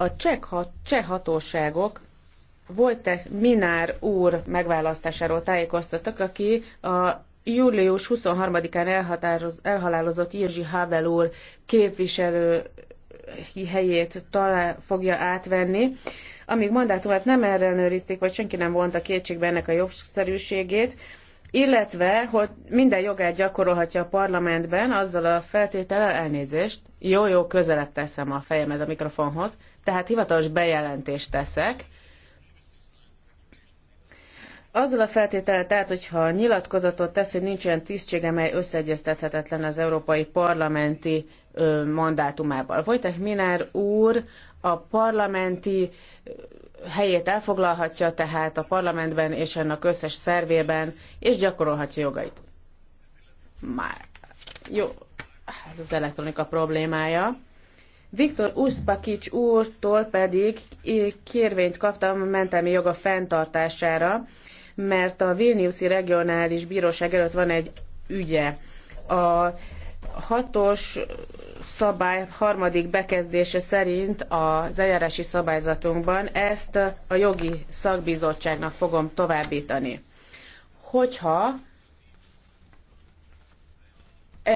A cseh, hat, cseh hatóságok Minár úr megválasztásáról tájékoztattak, aki a július 23-án elhalálozott Jerzy Havel úr képviselő helyét talál, fogja átvenni. Amíg mandátumát nem ellenőrizték, vagy senki nem vonta kétségbe ennek a jogszerűségét, illetve, hogy minden jogát gyakorolhatja a parlamentben, azzal a feltétele elnézést, jó-jó, közelebb teszem a fejemet a mikrofonhoz, tehát hivatalos bejelentést teszek, azzal a feltétellel, tehát, hogyha nyilatkozatot tesz, hogy nincs olyan tisztség, amely összeegyeztethetetlen az Európai Parlamenti ö, mandátumával. Vojtek Minár úr a parlamenti helyét elfoglalhatja tehát a parlamentben és ennek összes szervében, és gyakorolhatja jogait. Már. Jó, ez az elektronika problémája. Viktor Uszpakics úrtól pedig kérvényt kaptam a mentelmi joga fenntartására, mert a Vilniuszi Regionális Bíróság előtt van egy ügye. A hatos szabály harmadik bekezdése szerint az eljárási szabályzatunkban ezt a jogi szakbizottságnak fogom továbbítani. Hogyha